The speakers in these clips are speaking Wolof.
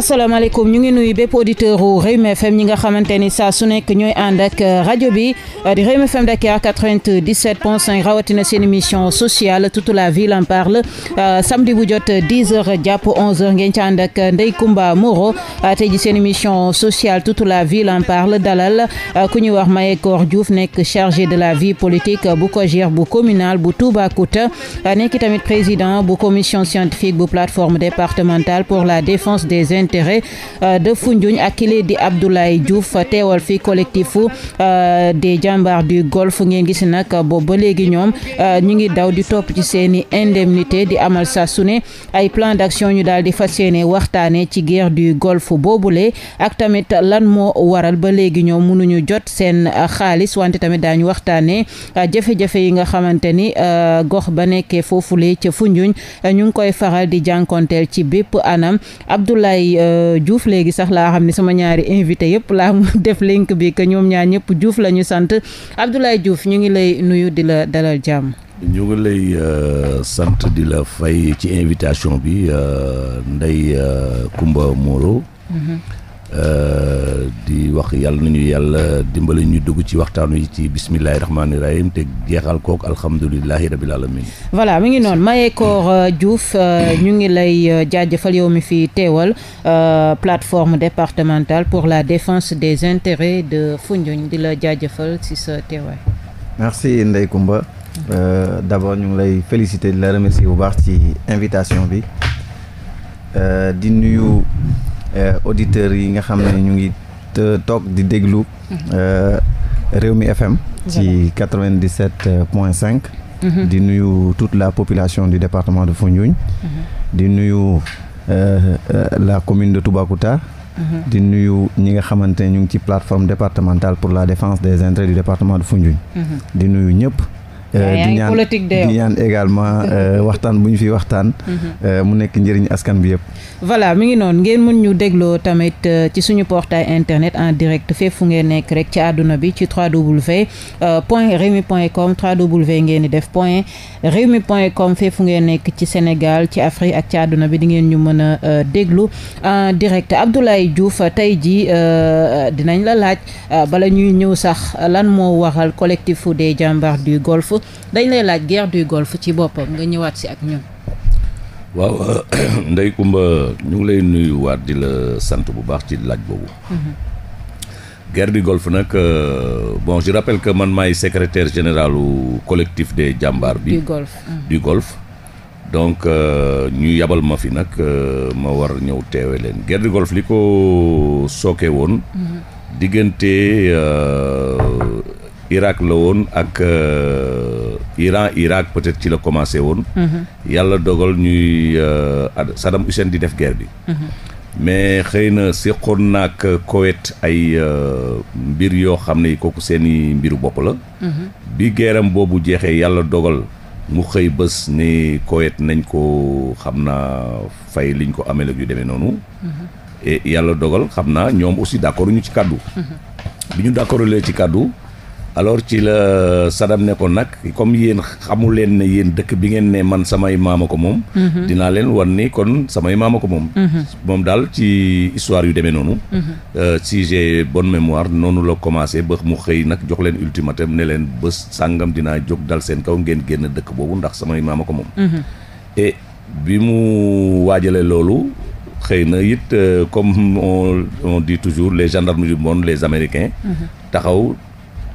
asalaamaaleykum ñu ngi nuyu bépp auditeur u Rewmi FM ñi nga xamante ni saa su nekk ñooy ànd ak euh, rajo bi euh, di Rewmi FM Dakar 97.5 rawatina seen émission sociale toute la ville en parle euh, samedi bu jot 10 heures jàpp 11 heures ngeen ci ànd ak Ndeye Comba Moreau tey ji seen émission sociale toute la ville en parle dalal ku ñuy wax Mayekor Diouf nekk chargé de la vie politique bu COJER bu communal bu Toubacouta nekk tamit président bu commission scientifique bu plateforme départementale pour la défense des intérêt euh, de Foundiougne ak kile di Abdoulaye Diouf euh, teewal fi collectifu euh, de jàmbaar du golf ngeen gis nag boobu ba léegi ñoom ñu ngi daw di topp ci seeni indemnité di amal saa su ay plan d'action ñu daal di fas yéene waxtaane ci guerre du golf boobule ak tamit lan moo waral ba léegi ñoom munuñu jot seen xaalis wante tamit daañu waxtaane jafe-jafe yi nga xamante ni gox ba nekkee foofule ca Foundiougne ñu koy faral di jànkonteel ci bépp anam Abdoulaye Euh, Diouf léegi sax laa xam ne sama ñaari invité yëpp laa mu def link bi que ñoom ñaar ñëpp juuf la ñu sant Abdoulaye Diouf ñu ngi lay nuyu di la dalal jàmm. ñu ngi lay euh, sant di la fay ci invitation bi euh, Ndeye Kumba Moro. Mm-hmm. Euh, di wax yàlla nañu yàlla dimbali ñu dugg ci waxtaan wi ci bismillahi rahmaani rahim te jeexal kook alhamdulilahi rabil alamin voilà mi ngi noonu Mayekor euh, Diouf euh, mm-hmm. ñu ngi lay jaajëfal yow mi fi teewal plateforme départementale pour la défense des intérêts de Foundiougne di la jaajëfal ci sa teewaay. merci Ndeye Comba ñu ngi lay féliciter la remercier bu baax ci invitation bi Euh, auditeurs yi nga xam ne ñu ngi toog di déglu mhm. euh, réew mi FM ci 97 point 5 mhm. di nuyu toute la population du département de Foundiougne mhm. di nuyu euh, la commune de Toubacouta di nuyu ñi nga xamante ñu ngi ci plateforme départementale pour la défense des intérêts du département de Foundiougne di nuyu ñëpp Euh, di ñaan di ñaan euh, waxtaan bu ñu fi waxtaan. Mhm. Euh, mu nekk njëriñ askan bi yëpp. voilà mi ngi noonu ngeen mën ñu dégloo tamit ci suñu portail internet en direct fépp fu ngeen nekk rek ci àdduna bi ci www point rewmi point com www ngeen di def point rewmi point com fépp fu ngeen nekk ci senegal ci Afrique ak ci àdduna bi di ngeen ñu mën a déglu en direct Abdoulaye Diouf tey jii dinañ la laaj bala ñuy ñëw sax lan moo waral collectif de jàmbaar du golfe dañ lay laaj guerre du golfe ci boppam nga ñëwaat si ak ñun. waaw euh, Ndeye Comba ñu ngi lay nuyuwaat di la sant bu baax ci laaj boobu. Mhm. guerre du golfe nag euh, bon je rappelle que man may secretaire général collectif de jàmbaar bi. du golfe mhm. donc euh, ñu yabal ma fi nag ma war ñëw teewe leen guerre du golfe li ko sooke woon. Mhm. diggante. Irak la woon ak euh, Iran Irak peut-être ci la commencé woon. Mm-hmm. yàlla dogal ñuy euh, Saddam Hussein di def guerre bi. Mm-hmm. mais xëy na seqoon na ak Koweït ay euh, mbir yoo xam ne kooku seen i mbiru bopp la. Mm-hmm. bi geeram boobu jeexee yàlla dogal mu xëy bés ni kowet nañ ko xam naa fay liñ ko amee yu demee noonu. et yàlla dogal xam naa ñoom aussi d'accord ñu ci kàddu. bi ñu d'accord lee ci kàddu. alors ci la Saddam ne ko nag comme yéen xamu leen ne yéen dëkk bi ngeen ne man samay maam ko moom. Mhm. dinaa leen wan ni kon samay maama ko moom. Mhm. moom daal ci histoire yu demee noonu. Mhm. Euh, si bon bonne mémoire noonu la commencé ba mu xëy nag jox leen ultimatum ne leen bës sàngam dinaa jóg dal seen kaw ngeen génn dëkk boobu ndax samay maam ko moom. et bi mu waajalee loolu. xëy na it euh, comme on di dit toujours les gendarmes du monde les américains. taxaw.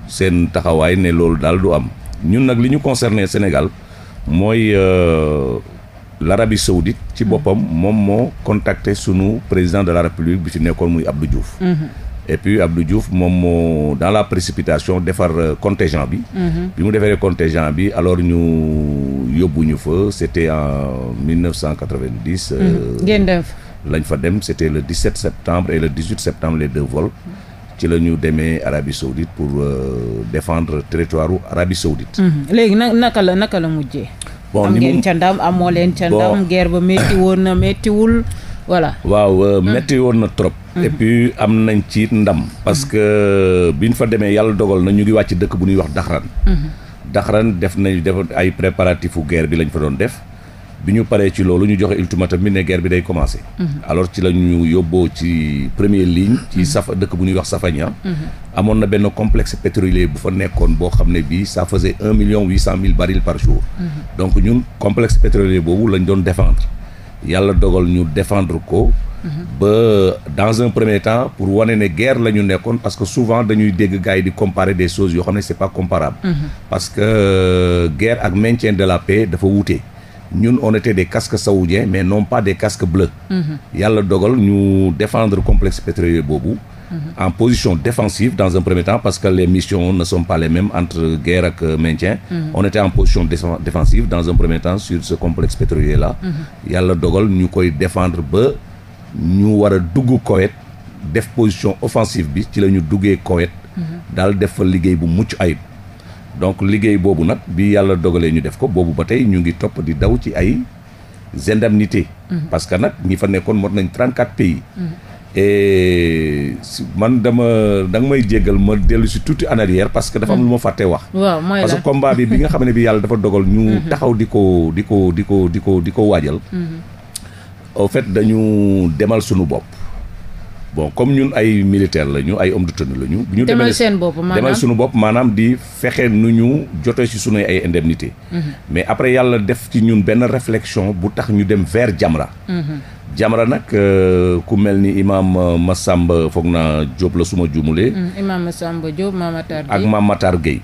seen taxawaay ne loolu daal du am ñun nag li ñu concerné Sénégal mooy euh, larabi saoudite ci mm-hmm. boppam moom moo contacté sunu président de la République bi fi nekkoon muy Abdou Diouf mm-hmm. et puis Abdou Diouf moom moo dans la précipitation defar euh, contingent bi mm-hmm. bi mu defaree contingent bi alors ñu yóbbu ñu fa c'était en 1990 euh, ngeen def lañ fa dem c'était le 17 septembre et le 18 septembre les deux vols ci la ñu demee Arabie Saoudite pour euh, défendre territoire u Arabie mhm. léegi nag naka la naka la mujjee bon am ngeen ca ndam amoo leen ca ndam guerre ba métti woon na méttiwul voilà waaw euh, métti mhm. woon na trop mhm. et am nañ ci ndam parce que bi ñu fa demee yàlla dogal na ñu ngi wàcc dëkk bu ñuy wax Daxran Daxran def nañ def ay préparatif u guerre bi lañ fa doon def bi ñu paree ci loolu ñu joxe ultimatum bi ne guerre bi day commencé. Mhm. alors ci la ñu yóbboo ci première ligne. ci mhm. safa dëkk bu ñuy wax Safaña. Mhm. amoon na benn complexe pétrolier bu fa nekkoon boo xam ne bii sa faisait un million huit cent mille barils par jour. donc ñun complexe pétrolier boobu lañ doon défendre. yàlla dogal ñu défendre ko. ba dans un premier temps pour wane ne guerre la ñu nekkoon parce que souvent dañuy dégg gars yi di comparer des choses yoo xam ne c'est pas comparable. parce que euh, guerre de la paix dafa wuute. ñun on était des casques saoudiens mais non pas des casques bleus. Mhm. yàlla dogal ñu défendre complexe pétrolier boobu. Mhm. en position défensive dans un premier temps parce que les missions ne sont par les mêmes entre guerre ak maintien. Mhm. on était en position défensive dans un premier temps sur ce complexe pétrolier là. yàlla dogal ñu koy défendre ba ñu war a dugg Koweït def position offensive bi ci la ñu duggee Koweït. daal def fa liggéey bu mucc ayib. donc liggéey boobu nag bi yàlla dogalee ñu def ko boobu ba tey ñu ngi topp di daw ci ay indemnités. Mhm. parce que nag ñi fa nekkoon mot nañ 34 pays. Mhm. et man dama da nga may jéggal ma dellu si tuuti en arrière parce que dafa am lu ma mhm. fàtte wax. waaw mooy parce que combat bi bi nga xam ne bi yàlla dafa dogal. ñu taxaw di ko di ko di ko di ko di ko waajal. au fait dañu demal sunu bopp. bon comme ñun ay militaire la ñu ay homme de tenue la ñu bu ñu demee seen bopp maanaam sunu bopp maanaam di fexe nu ñu jotee si suñuy ay indemnité mhm. mais après yàlla def ci ñun benn réflexion bu tax ñu dem vers Jamra mhm. Jamra nag euh, ku mel ni imaam euh, Massamba foog naa Diop la suma juumulee mhm. imaam Massamba Diop Mamatar Gueye ak Mamatar Gueye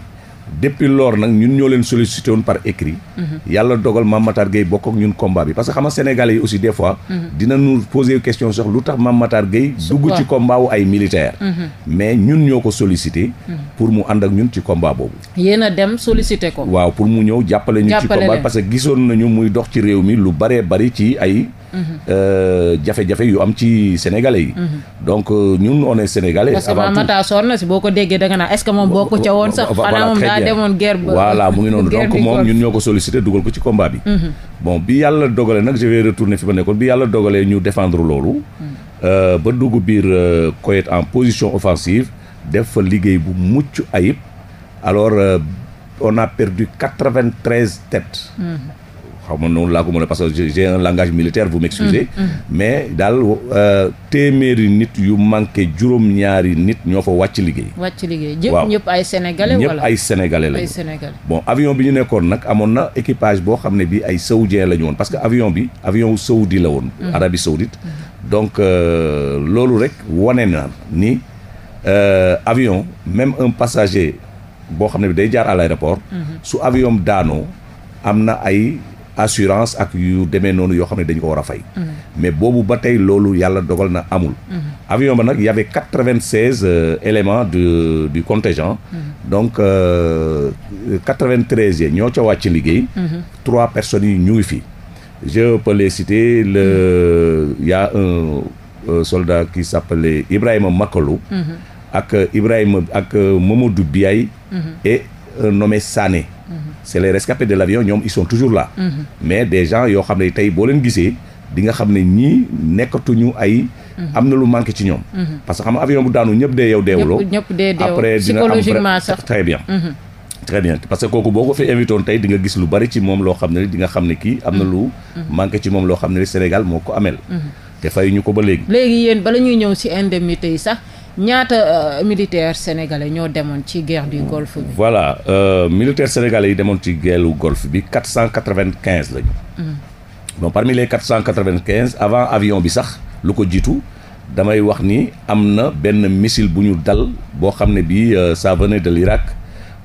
depuis lors nag ñun ñoo leen sollicité woon par écrit mhm. yàlla dogal Mame Matar Gueye bokk ak ñun combat bi parce que xam nga sénégalais yi aussi des fois mhm. dina ñu poser question sax lu tax Mame Matar Gueye dugg ci combat wu ay militaire mhm. mais ñun ñoo ko sollicité pour mu ànd ak ñun ci combat boobu yéen a dem sollicité ko waaw pour mu ñëw jàppale ñu ci combat parce que gisoon nañu muy dox ci réew mi lu baree bari ci ay Euh, jafe-jafe yu am ci sénégalais yi. Mhm. donc euh, ñun on est sénégalais. avant tout parce que Mamata si boo ko déggee danga naa est moom boo ko ca woon sax. xanaa moom daa demoon guerre ba mu ngi noonu donc moom ñun ñoo ko sollicité dugal ko ci combat bi. Mhm. bon bi yàlla dogalee nag je vais retourner fi ma nekkoon bi yàlla dogalee ñu défendre loolu. Mhm. Euh, ba dugg biir Koweït en position offensive def fa liggéey bu mucc ayib alors on a perdu quatre-vingt-treize têtes. xaw ma noonu mm, mm. mais daal euh, téeméeri nit yu manqué juróom-ñaari nit ñoo fa wàcc liggéey wàcc liggéey waaw ñëpp ay sénégalais ñëpp ay sénégalais la bon avion bi ñu nekkoon nag amoon na équipage boo xam ne bi ay saoudien la woon parce que avion bi avion saoudi la woon mm. Arabie saoudite donc euh, loolu rek wone na ni euh, avion même un passager boo xam ne bi day jaar à l'aéroport mm-hmm. su avion daanoo am na ay assurance ak yu demee noonu yoo xam ne dañu ko war a fay. mais boobu ba tey loolu yàlla dogal na amul. avion ba nag y avait vingt seize euh, éléments du du donc euh, quatre-vingt-treize ñoo ca wàcc liggéey. trois personnes yi ñu ngi fi. je peux les citer le y a un euh, soldat qui s'appelait Ibrahima Makalo. Mm-hmm. ak Ibrahima ak euh, Mamadou Biaye. Mm-hmm. et un nommé Sané. c'est les rescapés de l'avion ñoom ils sont toujours là. Mhm. mais des gens yoo xam ne tey boo leen gisee di nga xam ne ñii nekkatuñu ay. Mhm. am na lu manqué ci ñoom. Mhm. parce que xam nga avion bu daanu ñëpp dee yow deewuloo. après dina am très parce que kooku boo ko fi invité woon tey di nga gis lu bari ci moom loo xam ne di nga xam ne kii am na lu. manqué ci moom loo xam ne Sénégal moo ko amel. te fay ñu ko ba léegi. léegi yéen bala ñuy ñëw ci indemnité yi sax. ñaata euh, militaire sénégalais ñoo demoon ci guerre du golfe bi. voilà euh, militaire sénégalais yi demoon ci guerre du golfe bi quatre cent quatre vingt quinze lañu. Hmm. parmi les cent quatre vingt avant avion bi sax lu ko jiitu damay wax ni am na benn missile bu ñu dal boo xam ne bii euh, ça venait de l'Irak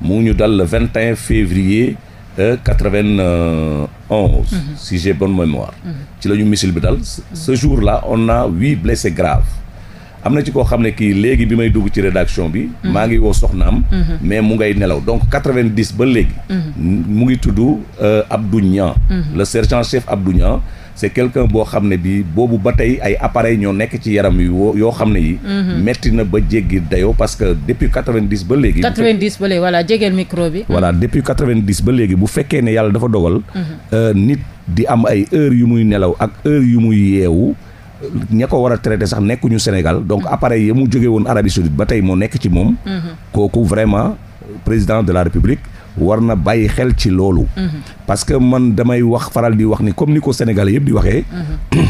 mu ñu dal vingt et un février. 91 hmm. si j'ai bonne mémoire hmm. ci la ñu missile bi dal ce jour la on a huit blessés graves am na ci koo xam ne kii léegi bi may dugg ci rédaction bi. Mm-hmm. maa ngi woo soxnaam. Mm-hmm. mais mu ngay nelaw donc quatre vingt ba léegi. Mm-hmm. mu ngi tudd euh, Abdou ñaan le sergent chef Abdou Niang. c'est quelqu'un boo xam ne bi boobu ba tey ay appareil ñoo nekk ci yaram yu woo yoo xam ne yi metti na ba jéggi dayoo parce que depuis quatre ba léegi quatre-vingt-dix léegi voilà jegeel micro bi voilà depuis quatre vingt ba léegi bu fekkee ne yàlla dafa dogal euh, nit di am ay heure yu muy nelaw ak heure yu muy yeewu ña ko war a traité sax nekkuñu Sénégal donc mm-hmm. appareil yi mu jóge woon arabi Saoudite ba tey moo nekk ci moom mm-hmm. kooku vraiment président de la République war na bàyyi xel ci loolu mm-hmm. parce que man damay wax faral di wax ni comme ni ko Sénégal yëpp di waxee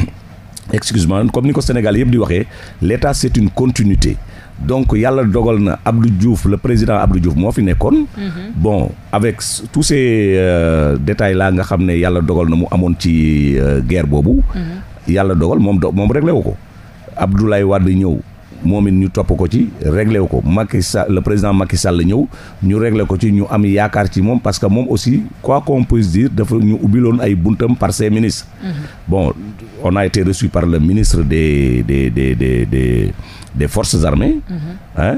excuse comme ni ko Sénégal yëpp di waxee l'État c'est une continuité donc yàlla dogal na Abdou juuf la président Abdou Diouf moo fi nekkoon. bon avec tous ces euh, détails là nga xam ne yàlla dogal na mu amoon ci euh, boobu. yàlla dogal moom do moom réglé wu ko Abdoulaye Wade ñëw moom it ñu topp ko ci réglé wu ko Macky Sall le président Macky Sall ñëw ñu réglé ko ci ñu am yaakaar ci moom parce que moom aussi quoi qu'on puisse dire dafa ñu ubbiloon ay buntam par ses ministres. Mm -hmm. bon on a été par le ministre de de des des des des forces armées. Mm-hmm.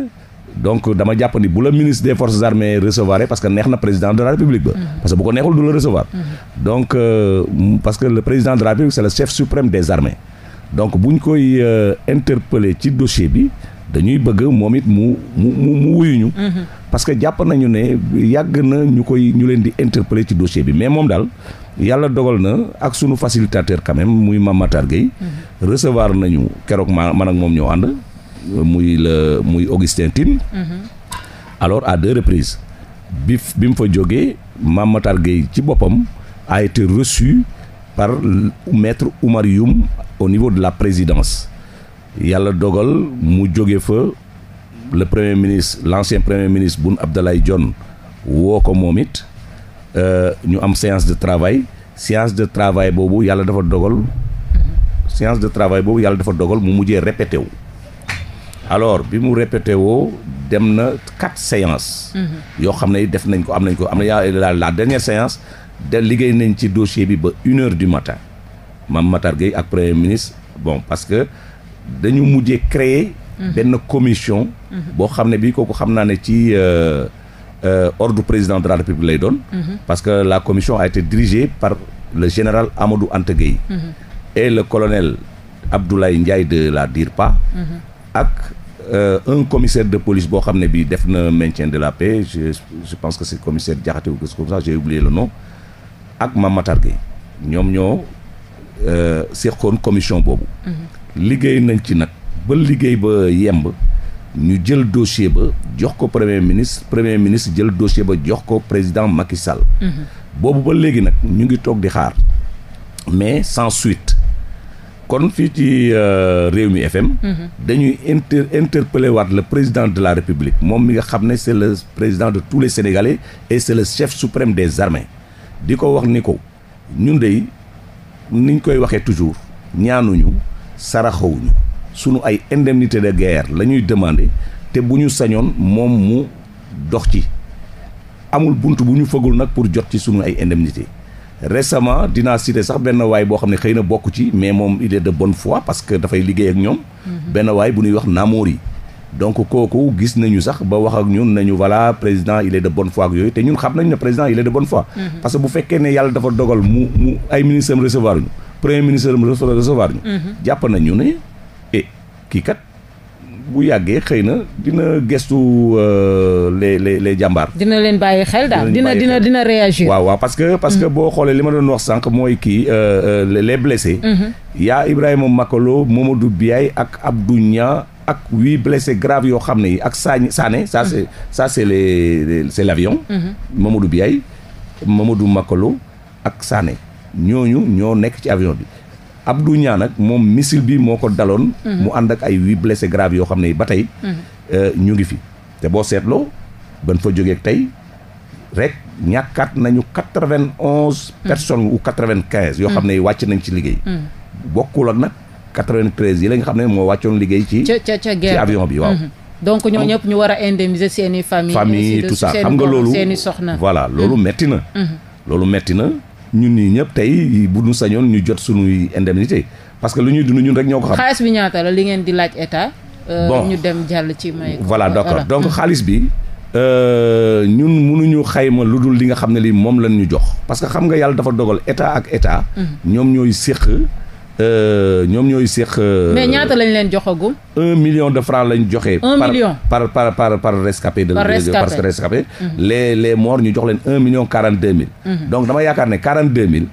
donc dama jàpp ni bu la ministre des forces armées recevoir parce que neex na président de la république ba. Mm-hmm. parce que bu ko neexul du la recevoir. Mm-hmm. donc euh, parce que le président de la république c'est le chef suprême des armées. donc bu ñu koy euh, interpeller ci dossier bi dañuy bëgg moom it mu mu mu wuyuñu. Mm-hmm. parce que jàpp nañu ne yàgg na ñu koy ñu leen di interpeller ci dossier bi mais moom daal yàlla dogal na ak sunu facilitateur quand muy Mame Matar Gueye nañu keroog man ak moom ñoo ànd. muy la muy Augustin Tine mm-hmm. à deux reprises bi bi mu fa jógee Mame Matar Gueye ci boppam a été reçu par maître Oumar Youm au niveau de la présidence yàlla dogal mu jóge fa le premier ministre l'ancien premier ministre Boun Abdallah Dionne woo ko moom it euh, ñu am séance de travail séance de travail boobu yàlla dafa dogal mm-hmm. séance de travail boobu yàlla dafa dogal mu mujjee répété wu alors bi mu répété woo dem na quatre séances. Mhm. yoo xam ne def nañ ko am nañ ko am na la dernière séance de liggéey nañ ci dossier bi ba une heure du matin Mame Matar Gueye ak premier ministre bon parce que dañu mujjee créer. Mhm. benn commission. Mhm. boo xam ne bii kooku xam naa ne ci euh, euh, ordre président de la république lay doon. parce que la commission a été dirigée par le général Amadou Anta Gueye. et le colonel Abdoulaye Ndiaye de la DIRPA. ak Euh, un commissaire de police boo xam ne bi def na maintien de la paix je pense que c'est commissaire Diakhaté ou comme ça j'ai oublié le nom ak Mame ñoom ñoo euh, seqoon commission boobu mhm. liggéey nañ ci nag ba liggéey ba yemb ñu jël dossier ba jox ko premier ministre premier ministre jël dossier ba jox ko président Macky Sall. Mhm. boobu ba léegi nag ñu ngi toog di xaar mais kon fii ci euh, réew mi FM. Mhm. dañuy inter interpeller waat le président de la république moom mi nga xam ne c' est le président de tous les sénégalais et c' est le chef suprême des armées di ko wax ni ko ñun de niñ koy waxee toujours ñaanuñu saraxawuñu sunu ay indemnité de guerre la ñuy demander te bu ñu sañoon moom mu dox ci amul bunt bu ñu fëgul nag pour jot ci sunu ay indemnité récemment dinaa cité sax benn waay boo xam ne xëy na bokk ci mais moom il est de bonne foi parce que dafay liggéey ak ñoom. Mhm. benn waay bu ñuy wax Namori. donc kooku gis nañu sax ba wax ak ñun nañu voilà président il de bonne foi ak yooyu te ñun xam nañ ne président il est de bonne foi. Mhm. parce que bu fekkee ne yàlla dafa dogal mu mu ay ministres recevoir ñu premier ministre mhm. jàpp nañu ne eh kii kat. bu yàggee xëy na dina gëstu euh, les les les jàmbaar. dina leen bàyyi xel daal dina dina dina réagir. waaw waaw parce que parce que mm. boo xoolee li ma doon wax sànq mooy kii euh, euh, le blessés. Mm-hmm. yaa Ibrahima Makolo Mamadou Biaye ak Abdou Niang ak huit blessés graves yoo xam ne yi ak Sagne Sané ça mm-hmm. c'est ça c'est les c'est l'avion. Mm-hmm. Mamadou Biaye Mamadou Makolo ak Sané ñooñu ñoo nekk ci avion bi. Abdou ñaa nag moom missile bi moo ko daloon. Mhm. mu ànd ak ay huit blessés graves yoo xam ne ba tey. Mhm. Euh, ñu ngi fi te boo seetloo ban fa jógee tey rek ñàkkaat nañu quatre vingt onze. Mhm. personnes ou quatre vingt quinze. yoo xam ne wàcc nañ ci liggéey. bokkul ak nag quatre vingt yi lañ xam ne moo wàccoon liggéey ci. ca ca ci avion bi waaw. donc ñoo ñëpp ñu war a indemniser seeni i famille. famille tout ça xam nga loolu soxna voilà loolu metti na. loolu metti na. ñun ñii ñëpp tey bu ñu sañoon ñu jot suñuy indemnité parce que lu ñuy dund ñun rek ñoo ko xam. xaalis bi li ngeen di laaj état. Euh, bon ñu dem jàll ci may. voilà d'accord donc hmm. xaalis bi. Euh, ñun mënuñu xayma lu dul li nga xam ne lii moom lañ ñu jox. parce que xam nga yàlla dafa dogal état ak état. Hmm. ñoom ñooy séq. Euh, ñoom ñooy seq. Euh, mais ñaata lañ leen joxagum. un million de francs lañ joxe. un million par par par par rescapé. de par rescapé mhm. les les morts ñu jox leen un million quarante deux mille. Mhm. donc dama yaakaar ne quarante deux mille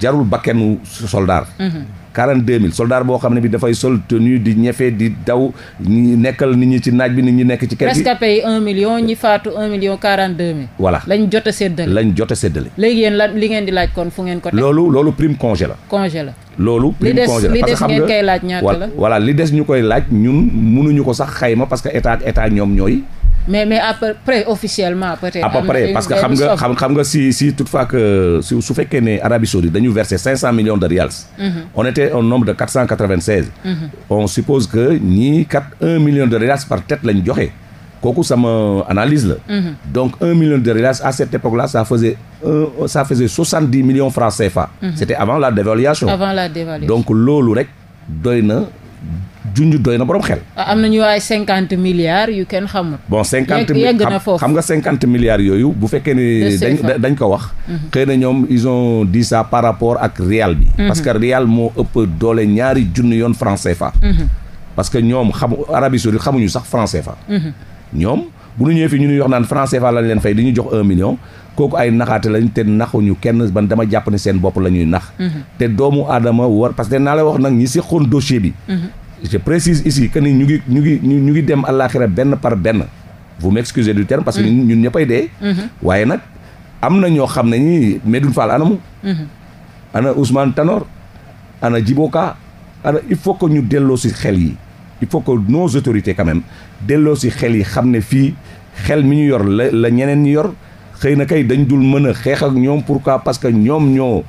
jarul bakkenu soldat. Mhm. quarante deux mille soldat boo xam ne bi dafay sol tenue di ñefe di daw ñi nekkal nit ñi ci naaj bi nit ñi nekk ci kër gi million ñi faatu un million quarante deux mille jot a lañ jot a léegi yéen la li ngeen di laaj kon fu ngeen ko teg loolu loolu prime congé la congé la loolu prime congé parce que xam nga voilà li des ñu koy laaj ñun mënuñu ko sax xayma parce que état état ñoom ñooy mais mais à officiellement peut-être parce que xam nga xam xam nga si si toutefois que su su fekkee ne Arabie Saoudite dañu versé cinq cent millions de rials mhm. on était au nombre de mhm. on suppose que ñii kat de rials par tête lañ joxe kooku sama analyse la. Mhm. donc un de riyals à cette époque là ça faisait un euh, ça soixante dix millions francs CFA. Mhm. c' avant la dévaluation. donc loolu rek doy na. junj doy na borom xel. Ah, am nañu ay cinquante milliards yu kenn xamul. bon cinquante yegg na foofu xam nga cinquante milliards yooyu bu fekkee ni dañ dañ ko wax. Mhm. xëy na ñoom ils ont dit ça par rapport ak Rial bi. parce que Rial moo ëpp doole ñaari junni yoon franc CFA. parce que ñoom xamu Arabie Saoudite xamuñu sax franc CFA. ñoom bu ñu ñëwee fii ñu ñuy wax naan franc CFA lañ leen fay di ñu jox un million kooku ay naxaate lañ te naxuñu kenn ban dama jàpp ne seen bopp la ñuy nax mm-hmm. te doomu aadama war parce que naa la wax nag ñi seqoon dossier bi mm-hmm. je précise ici que ni ñu ngi ñu ngi ñu ngi dem àllaaxira benn par benn vous m'excusez du terme parce que ñun mm-hmm. ñëppay dee waaye nag am na ñoo xam ne ñi Medoune Fall anamu ana Ousmane Tanor ana Djibo Ka ana il faut que ñu delloo si xel yi il faut que nos autorités quand delloo si xel yi xam ne fii xel mi ñu yor la la ñeneen ñu yor xëy na kay dañ dul mën a xeex ak ñoom pourquoi parce que ñoom ñoo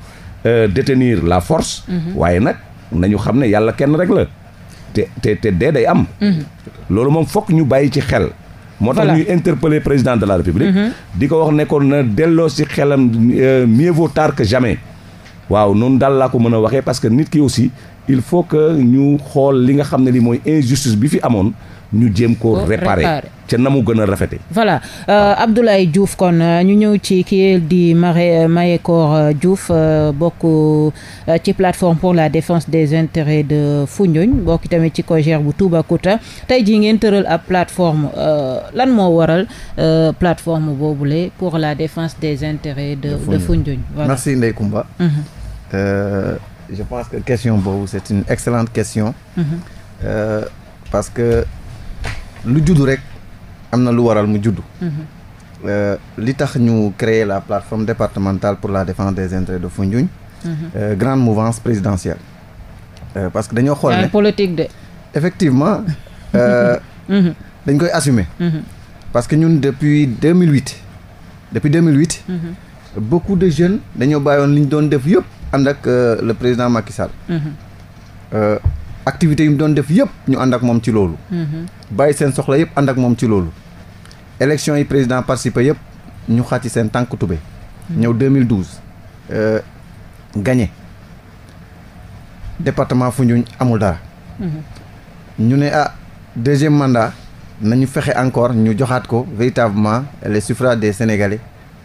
euh, détenir la force mm-hmm. waaye nag nañu xam ne yàlla kenn rek la te te te dee day am mm-hmm. loolu moom fokk ñu bàyyi ci xel moo tax ñuy interpeller président de la république mm-hmm. di ko wax nekkoon na delloo si xelam euh, mieux vaut tard que jamais waaw noonu daal laa ko mën a waxee parce que nit ki aussi il faut que ñu xool li nga xam ne li mooy injustice bi fi amoon ñu jéem ko réparer ca na mu gën rafete voilà euh, ah. Abdoulaye Diouf kon euh, ñu ñëw ci kii di Mare euh, Mayekor euh, Diouf euh, bokk ci plateforme pour la defence des intérêts de Foundiougne bokk tamit ci COJER bu Toubacouta tey jii ngeen tëral ab plateforme lan moo waral plateforme le pour la défense des intérêts de, de Foundiougne voilà. merci Ndeye Koumba mhm. Euh, je pense que question boobu c'est une excellente question. Mm parce que lu juddu rek am na lu waral mu juddu. Mhm. Euh, li tax ñu créer la plateforme départementale pour la défense des intérêts de Foundiougne. Mm -hmm. grande mouvance présidentielle. parce que dañoo xool ne politique de. Mhm. dañ koy assumer. Mhm. parce que ñun depuis 2008. depuis 2008. Mm -hmm. beaucoup de jeunes dañoo bàyyoon li ñu doon def yëpp. ànd ak euh, le président Macky Sall. Mhm. Euh, activité yu mu doon def yëpp ñu ànd ak moom ci loolu. Mhm. bàyyi seen soxla yëpp ànd ak moom ci loolu. élection yi président participé yëpp ñu ci seen tànk tube. Mhm. ñëw 2012. Euh, gagné département Foundiougne amul dara. ñu ne ah deuxième mandat nañu fexe encore ñu joxaat ko véritablement les suffrages des Sénégalais.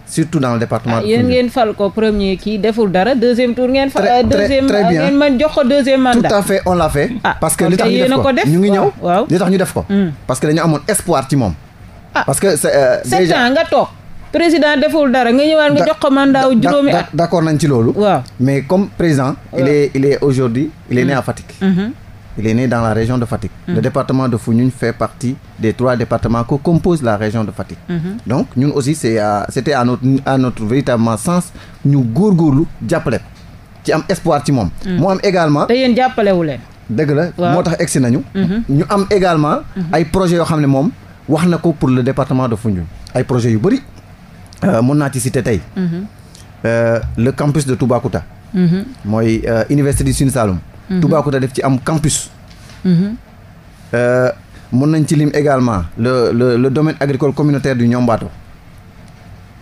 surtout dans le département. Ah, de yéen ngeen fal ko premier kii deful dara deuxième tour ngeen. fa euh, deuxième euh, ngeen mën tout à fait on l'a ah, parce que li tax ñu def ko ñu ngi ñëw. waaw li tax ñu def ko. Hmm. parce que dañu amoon espoir ci moom. Ah. parce que euh, sept nga toog. président deful dara nga ñëwaat nga jox ko mandat wu juróomi at. d'accord nañ ci loolu. waaw mais comme président. il est il est aujourd'hui il est né hmm. à Fatick. Hmm. Il est né dans la région de Fatick. Mmh. Le département de Foundiougne fait partie des trois départements que compose la région de Fatick. Mmh. Donc ñun aussi c'est c'était à notre à véritablement sens ñu góorgóorlu jàppale ko ci am espoir ci moom. Mm. mu am également. te yéen jàppalewu leen. dëgg la moo tax egsi nañu. Mm-hmm. ñu am également. Mm-hmm. ay projets yoo xam ne moom wax na ko pour le département de Foundiougne. ay projets yu bëri euh, mën naa ci citer tey. Mm-hmm. Euh, le campus de Toubacouta. mooy euh, université Mm-hmm. Toubacouta def ci am campus. Mm-hmm. Euh, mën nañ ci lim également le le le domaine agricole communautaire du Ñombaato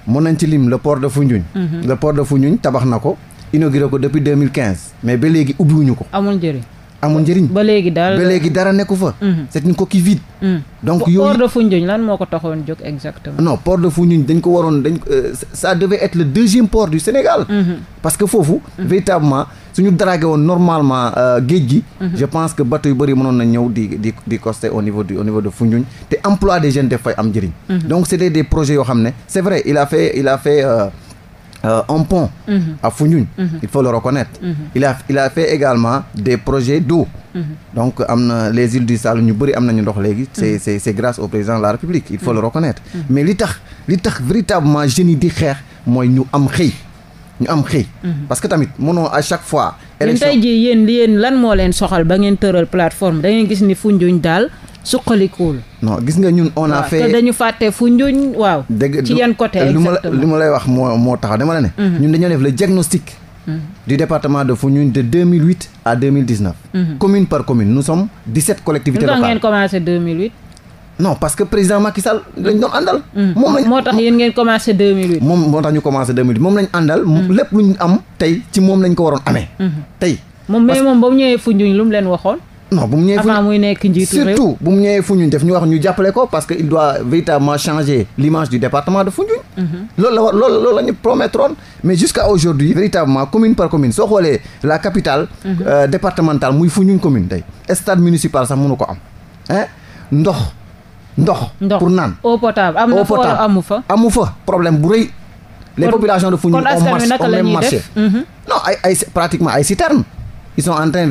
mun nañ ci lim le port de Foundiougne. Mm-hmm. le port de Foundiougne tabax na ko inauguré ko depuis quinze mais ba léegi ubbiwuñu ko. amul njëriñ amul njëriñ. ba léegi daal ba léegi dara nekku fa. Mm-hmm. c'est une coquille vide. Mm-hmm. donc yooyu port de Foundiougne lan moo ko taxoon jóg exactement. non port de Foundiougne dañ ko waroon dañ euh, ça devait être le deuxième port du Sénégal. Mm-hmm. parce que foofu. véritablement suñu dragué woon normalement euh, géej gi. je pense que bateau yu bëri mënoon na ñëw di di au niveau de Foundiougne te emploi des jeunes def fay am njëriñ. donc c'était des projets yoo xam ne c'est vrai il a fait il a fait. Euh, euh, un pont mm -hmm. à Founioune. Mm -hmm. il faut le reconnaître. Mhm. il a a fait également des projets d'eau mhm. donc am na les îles du Saloum ñu bëri am nañu ndox léegi. Mhm. c'est grâce au président de la République. il faut le reconnaître. mais li tax li tax véritablement jeunes di xeex mooy ñu am xëy. ñu am xëy. parce que tamit mënoo à chaque fois. élection tey jii yéen yéen lan moo leen soxal ba ngeen tëral plateforme da gis ni Foundiougne daal. suqalikuwul. non gis nga ñun on a fait dañu fàtte fu njuñ waaw. ci yan côté exactement li ma lay wax moo moo mhm. mhm. de Foundiougne de 2008 mhm. commune par commune nous sommes 17 collectivités locales. ngeen commencé non parce que président Macky Sall lañ doon àndal. moom lañ moo tax yéen ngeen commencé moom moo tax ñu commencé moom lañ àndal. lépp lu ñu am tey ci moom lañ ko waroon amee. tey. moom mais moom ba mu ñëwee Foundiougne lu mu leen waxoon. non bu mu ñëwee. avant muy def ñu wax ñu jàppale ko parce que il doit véritablement changer l'image du département de Foundiougne. Mhm. loolu la war loolu loolu la ñu promettroon mais jusqu'à aujourd'hui véritablement commune par commune soo xoolee la capitale. Mhm. Euh, départementale muy Foundiougne commune tey. stade municipal sax mënu ko am. ndox. ndox pour naan eau potable am na amu fa. problème bu rëy. les populations de Foundiougne ont marché ont marché. non ay pratiquement ay citernes. ils sont en train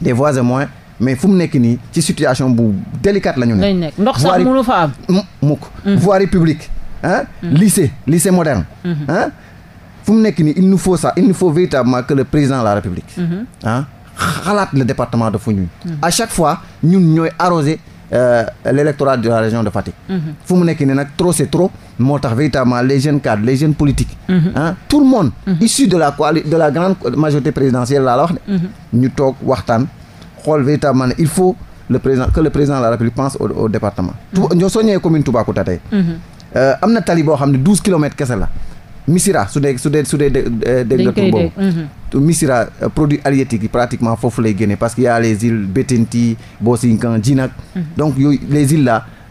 des voies et moyens mais fu mu nekk nii ci situation bu délicate la ñu nekk. ndox sax mënu fa am mukk mm-hmm. voirie publique ah. lycée lycée moderne. ah fu mu nekk nii il nous faut ça il nous faut véritablement que le président de la république. ah xalaat le département de Foundiougne. à chaque fois ñun ñooy arroser euh, l'électorat de la région de Fatick. fu mu nekk nii nag trop c'est trop. moo tax véritablement les jeunes cadres les jeunes politiques. ah tout le monde. Mhm. issu de la coali de la grande majorité présidentielle laa la wax ne. Mhm. ñu toog waxtaan xool véritablement ne il faut le président que le président de la République pense au au département. Touba soo ñëwee commune Toubacouta tey. Euh, am na tali xam ne douze kilomètres kese la. Missira su dee su dee su dee dégg euh, produit halieutique pratiquement foofu lay génne parce que y les îles Bettenty Bosinkan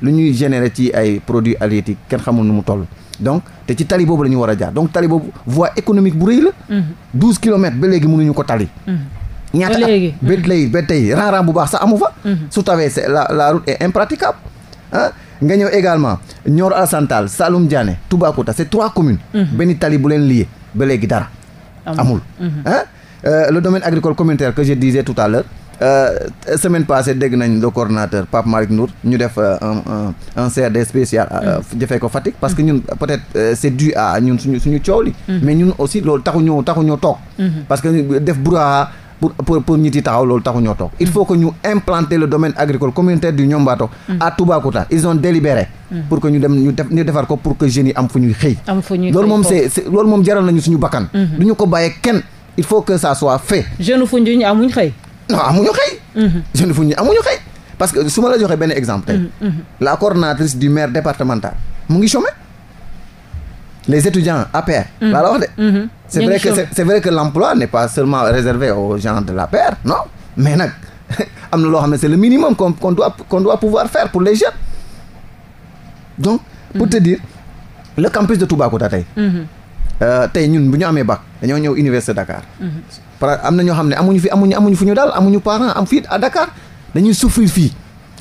lu ñuy générer ci ay produits halieutiques kenn xamul nu mu toll donc te ci tali boobu la ñu war a jaar donc tali boobu voie économique bu rëy la mhm. douze kilomètres ba léegi mënuñu ko tali mhm. ñaata at ba léegi ba tey rang-rang bu baax sax amu fa mhm. su tawee c'est la la route est impraticable ah nga ñëw également Nioro Alassane Tall Saloum Diané Toubacouta c'est trois communes benn tali bu leen lié ba léegi dara amul ah euh, le domaine agricole communautaire que je disais tout à l'heure Euh, euh, semaine passée dégg nañ le coordonnateur Pape Malick Ndour ñu def euh, un un un CRD spécial. jëfee mm. ko Fatick parce que ñun peut-être c'est dû à ñun suñu suñu coow li. Mm. mais ñun aussi loolu taxuñoo taxuñoo toog. Mm-hmm. parce que def brouhaha pour pour pour taxaw loolu taxuñoo toog. il mm. faut que ñu implanter le domaine agricole communautaire du Niombato. à Toubacouta ils ont délibéré. pour que ñu dem ñu def ñu defar ko pour que jeunes yi am fu ñuy xëy. am fu ñuy xëy loolu moom jaral nañu suñu bakkan. Mm-hmm. du ñu ko bàyyee kenn il faut que ça soit amuñ xëy. non mhm. amuñu xëy. parce que su ma la joxee benn exemple mhm, mhm. la coordonnatrice du maire départemental mu ngi chômé. les étudiants APR. laa la wax de. c'est vrai que que l'emploi n'est pas seulement réservé aux gens de l'APR non mais nag am na loo xam ne c'est le minimum qu'on qu'on doit qu'on doit pouvoir faire pour les jeunes donc. pour te dire le campus de Toubacouta tey. Euh, tey ñun bu ñu amee bac dañoo ñëw université Dakar. par am na ñoo xam ne amuñu fi amuñu amuñu ñu daal amuñu parent am fii à Dakar dañuy souffrir fii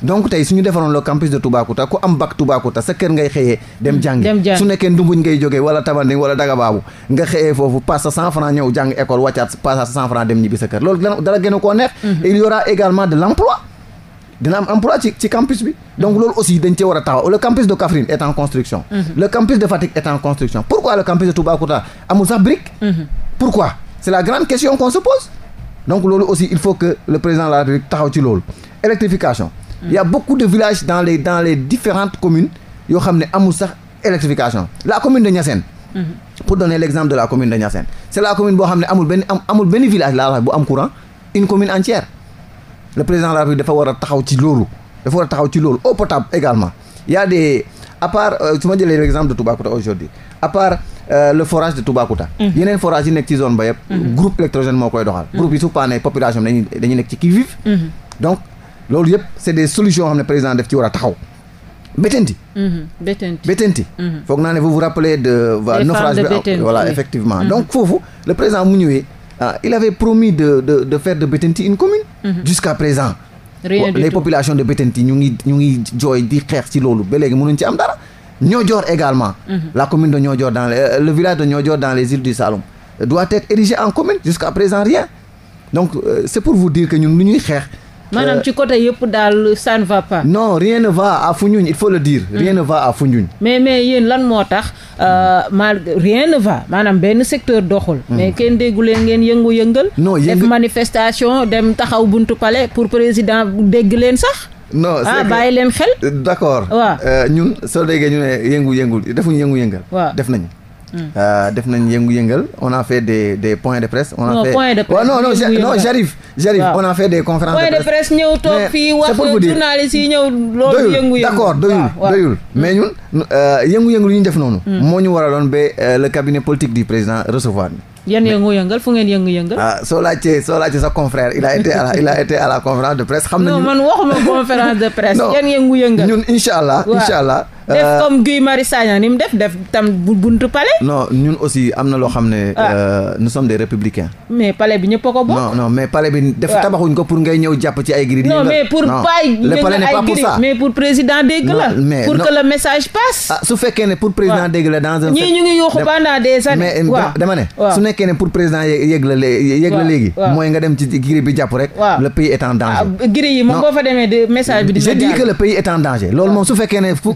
donc tey suñu defaroon le campus de Toubacouta ku am bac Toubacouta sa kër ngay xëyee dem jàngi su nekkee ndumbuñ ngay jógee wala Tabanding wala Dagabaabu nga xëyee foofu passe sa 100 ñëw jàng école wàccaat passe sa 100 francs dem ñibbi sa kër loolu dara gën koo neex mhm. il y également de l'emploi dina am emploi ci ci bi donc loolu aussi c'est la grande question qu'on se pose donc loolu aussi il faut que le président de la République taxaw ci loolu électrification hmm. il beaucoup de villages dans les dans les différentes communes yoo xam ne amul sax électrification la commune de Niassène hmm. pour donner l'exemple de la commune de Niassène c'est la commune boo xam ne amul benn amul benn village laa wax bu am courant une commune entière le président de la République dafa war a taxaw ci loolu dafa war taxaw ci loolu eau potable également il euh, ma jëlee l'exemple de Toubacouta aujourd'hui à part Euh, le forage de Toubacouta mhm. yeneen forage yi nekk ci zone ba yëpp mhm. groupe électrogène moo koy doxal groupe yi su population bi dañuy nekk ci qui vive mhm. donc loolu yëpp c'est des solutions yoo xam président def war a taxaw Bettenty Bettenty foog naa vous vous rappelez de naufrage bi voilà effectivement donc foofu le président mu ñëwee ah, il avait promis de de de faire de commune jusqu'à présent les populations de Bettenty ñu ngi jooy di xeex ci loolu ba ñoo Niodior également. Mhm. la commune de Niodior dans les, euh, le village de Niodior dans les îles du Saloum doit être érigé en commune jusqu'à présent rien donc euh, c'est pour vous dire que ñun lu ñuy xeex. maanaam euh, ci côté yëpp daal ça ne va pas. non rien ne va à Foundiougne il faut le dire. Mhm. rien ne va à Foundiougne. mais mais yéen lan moo tax mal rien ne va maanaam benn secteur doxul. Mhm. mais kenn déggu leen ngeen yëngu-yëngal. non yëngu def manifestation dem taxaw bunt palais pour président dégg leen sax. non ah bàyyi leen xel d' accord euh, ñun soo déggee ñu ne yëngu-yëngul defuñu yëngu-yëngal waaw def nañu hmm. euh, def nañ yëngu-yëngal on a fait des des points de presse on a fait waaw non non non j'arrive j'arrive des conférences de presse ñëw toog fii wax journaliste yi ñëw loolu yëngu-yëngu d'accord doyul doyul hmm. mais ñun euh, yëngu-yëngu ñu def noonu hmm. moo ñu waraloon ba le cabinet politique du président recevoir ni yan yëngu-yëngal fu ngeen yëngu-yëngal. ah soo laajtee soo laajtee sa confrère il a été a été à la conférence de presse. xam nañu non man waxuma conférence de presse. yan yëngu-yëngal ñun incha allah. incha allah. def euh, comme Guy Marius Sagna ni mu def def tam buntu palais. non ñun aussi am na loo xam ne. Ah. Euh, nous sommes de républicains. mais palais bi ñëpp a ko bokk. non mais palais bi def tabaxuñ ko pour ngay ñëw jàpp ci ay gris. non mais pour ah, ne pour président dégg la dans un. ñii ñu ngi yuuxu pendant des années. waaw dama ne su nekkee ne bi ah, yi moom boo fa demee message bi. je dis que le pays est en danger loolu moom su fekkee ne pour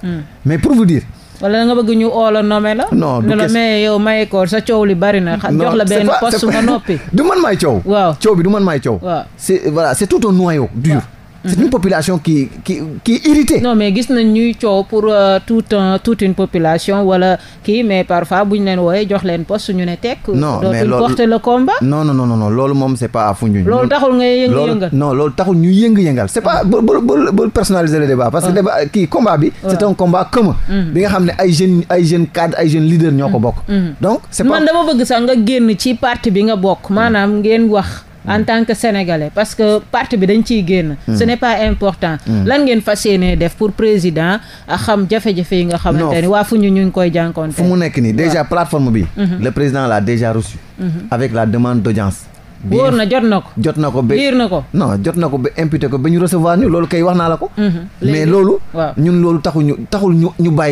place. Hmm. mais pour vous dire. wala nga bëgg ñu oolo la la. non du la mais yow maye ko sa coow li bari na. jox la benn poste nga noppi. du man maay coow. waaw coow bi du man maay coow. waaw c'est voilà c'est tout un noyau c'est une population qui qui qui est irritée. non mais gis nañ ñuy coow pour euh, tout un toute une population wala kii mais parfois bu ñu leen wooyee jox leen poste ñu ne tekk. non mais loolu porter le combat. non non non non loolu moom c'est pas à Foundiougne. loolu taxul nga yëngu-yëngal non loolu taxul ñu yëngu-yëngal c'est pas bu bu bu personnaliser le débat. parce que débat kii combat bi. c'est un combat commun. Mm-hmm. bi nga xam ne ay jeunes ay jeunes cadres ay jeunes leaders ñoo ko mm-hmm. bokk. Mm-hmm. donc c'est pas man dama bëgg sax nga génn ci parti bi nga bokk maanaam ngeen wax. en tant que sénégalais parce que parti bi dañ ciy génn. Hmm. ce n'est pas important. Hmm. lan ngeen fas yéenee def pour président xam jafe-jafe yi nga xam ne waa fu ñu ñu ngi koy jànkoonte. fu mu nekk nii déjà plateforme bi. Hmm. le président l'a déjà reçu. avec la demande d'audience. wóor na jot na ko jot na ko ba biir na ko non jot na ko ba imputé ko ba ñu recevoir ñu loolu kay wax naa la ko mhm. mais loolu ñun loolu taxul ñu taxul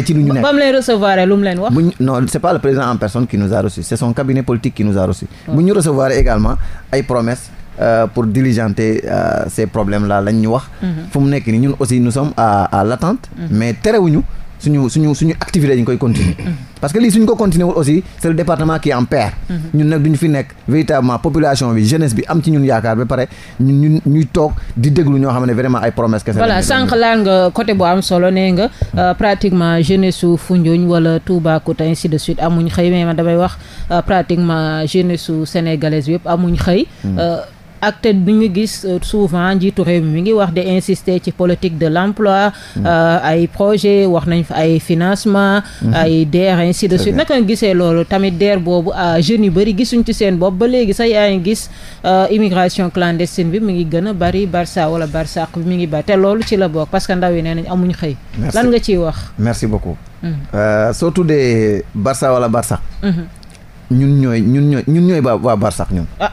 ci lu ñu nekk ba mu leen recevoir lu mu leen wax non c'est pas le président en personne qui nous a reçu c'est son cabinet politique qui nous a reçu bu ñu recevoir également ay promesses euh, pour diligenter euh, ces problèmes là lañ wax. Mhm. fu mu nekk nii ñun aussi nous sommes à l'attente. Mhm. mais terewuñu. suñu suñu suñu activité dañ koy continuer mm-hmm. parce que lii suñ ko continuer wul aussi c'est le département qui en perd mm-hmm. ñun nag duñu fi nekk véritablement population bi jeunesse bi am ci ñun yaakaar ba pare ñun ñuy toog di déglu ñoo xam ne vraiment ay promesses kese voilà sànq laal nga côté bu am solo nee nga mm-hmm. euh, pratiquement jeunesse su Foundiougne wala Toubacouta ainsi de suite amuñ xëy mais man damay wax euh, pratiquement jeunesse su sénégalaise bi yëpp amuñ xëy euh, ak te du ñu gis euh, souvent njiitu réew mi ngi wax de insister ci politique de l'emploi mm. euh, ay projet wax nañ fa ay financement mm-hmm. ay DER ainsi de suite naka gisee loolu tamit DER boobu ah, jeunes yu bëri gisuñ ci seen bopp ba léegi sax yaa ngi gis euh, immigration clandestine bi mu ngi gën a bari Barça wala Barsaq bi mi ngi bari te loolu ci la bokk parce que ndaw yi nee nañ amuñ xëy lan nga ciy wax merci beaucoup mm. soo tuddee Barça wala Barsaq mm-hmm. ñun ñooy ñun ñooy ñun ñooy waa waa Barsax ñun. ah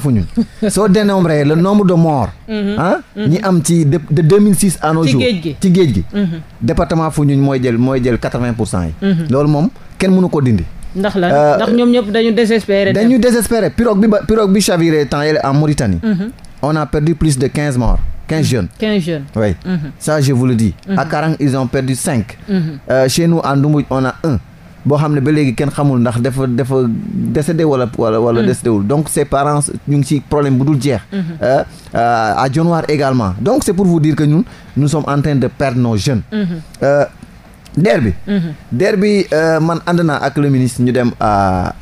fu ñun. soo dénombré le nombre de morts. Mhm. ah mhm. ñi am ci de de ci géej gi ci mhm. fu ñun mooy jël yi. loolu moom kenn mënu dindi. ndax la euh, ñoom ñëpp dañu désespéré. bi ba pirogue bi chaviré temps yële on a perdu plus de 15 morts. 15 jeunes. 15 jeunes. Oui. Mm -hmm. Ça, ils ont perdu 5. Mm -hmm. on a 1. boo xam ne ba léegi kenn xamul ndax dafa dafa décédé wala wala wala hmm. décédé wul donc ses parents ñu ngi ci problème bu dul jeex hmm. euh, euh, à Dionewar également donc c'est pour vous dire que ñun nous sommes en train de perdre nos jeunes DER bi DER man ànd naa ak le ministre ñu dem à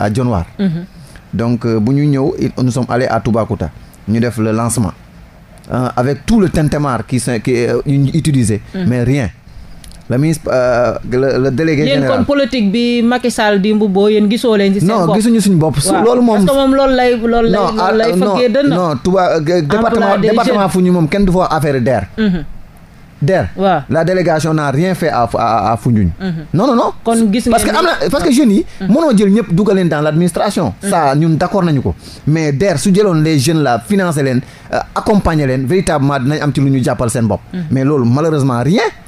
à hmm. donc euh, bu ñu ñëw nous sommes allés à Toubacouta ñu def le lancement avec tout le tintamarre qui qui ñu utilisé mais rien le ministre euh, le, le délégué général yéen kon politique bi Macky Sall di mbubboo yéen gisoo leen ci seen bopp non gisuñu suñu bopp. loolu moom parce que moom loolu lay loolu ah, fëggee dënn ñu euh, moom kenn du fa affaire DER. Mhm. DER. waaw la délégation n'a rien fait à à à Foundiougne. Mhm. non non non. kon gis parce que am na parce que jeunes yi. Mhm. mënoo jël ñëpp dugal leen dans l' administration. ça ñun d' nañu ko. mais DER su jëloon les jeunes la financer leen euh, accompagner leen véritablement dinañ am ci lu ñu jàppal seen bopp. mais loolu malheureusement rien.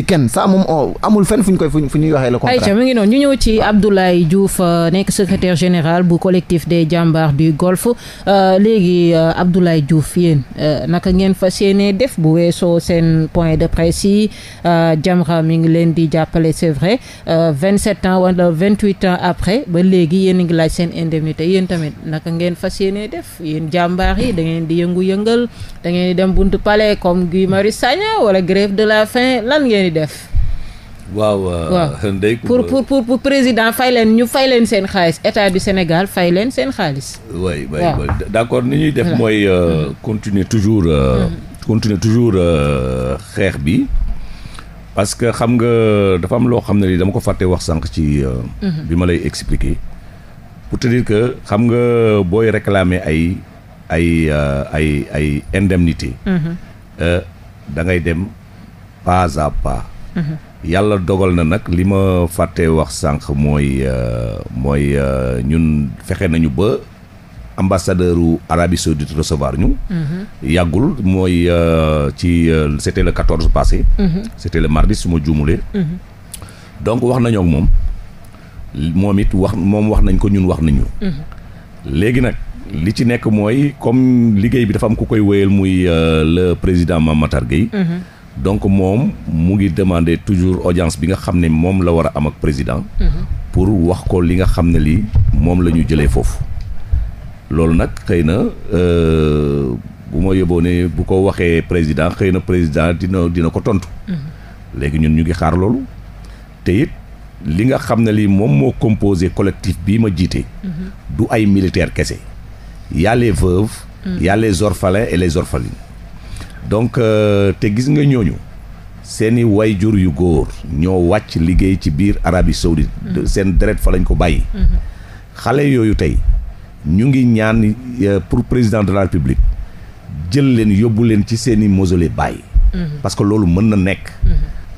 ci kenn ça moom oh, amul fenn fu ñu koy fu ñuy waxee le contraire. ayca mi ngi noonu ñu ñëw ci Abdoulaye Diouf euh, nekk secrétaire général bu collectif des jàmbaar du golfe euh, léegi euh, Abdoulaye Diouf yéen naka ngeen fas yéenee def bu weesoo seen point de presse yi Jamra mi ngi leen di jàppale c'est vrai vingt sept ans wala vingt huit ans après ba léegi yéen ngi laaj seen indemnité yéen tamit naka ngeen fas yéenee def yéen jàmbaar yi da ngeen di yëngu-yëngal da di dem buntu palais koy def. waaw euh, ndey pour pour pour président fay leen ñu fay leen seen xaalis état du Sénégal fay leen seen xaalis. waay waay d'accord ni ñuy def mooy euh, mm-hmm. continuer toujours euh, mm-hmm. continuer toujours xeex bi parce que xam nga dafa am loo xam ne lii dama ko fàtte wax sànq ci. Mm-hmm. bi ma lay expliquer. pour te dire que xam nga booy réclamer ay ay ay ay indemnité da dem. pas à pas. yàlla dogal na nag li ma fàtte wax sànq mooy euh, mooy euh, ñun fexe nañu ba ambassadeur u Arabie Saoudite recevoir ñu. yàggul mooy euh, ci c'était le quatorze passé. c'était le mardi su ma juumulee. donc wax nañoo moom moom it wax moom wax nañ ko ñun wax nañu. léegi nag li ci nekk mooy comme liggéey bi dafa am ku koy wéyal muy la président Mame Matar donc moom mu ngi demander toujours audience bi nga xam ne moom la war a am ak président. Mhm. pour wax ko li nga xam ne lii moom la ñu jëlee foofu. loolu nag xëy na euh, bu ma yóbboo ne bu ko waxee président xëy na président dina dina ko tontu. Mhm. léegi ñun ñu ngi xaar loolu. te it li nga xam ne li moom moo composé collectif bii ma jiite. Mhm. du ay militaires kese. y a les veuves. y a les orphelins et les orphelines. donc euh, te gis nga ñooñu seeni wayjur yu góor ñoo wàcc liggéey ci biir Arabie Saoudite mm-hmm. seen deret fa lañ ko bàyyi mm-hmm. xale yooyu tey ñu ngi ñaan euh, pour président de la République jël leen yóbbu leen ci seeni mausolée bàyyi mm-hmm. parce que loolu mën na nekk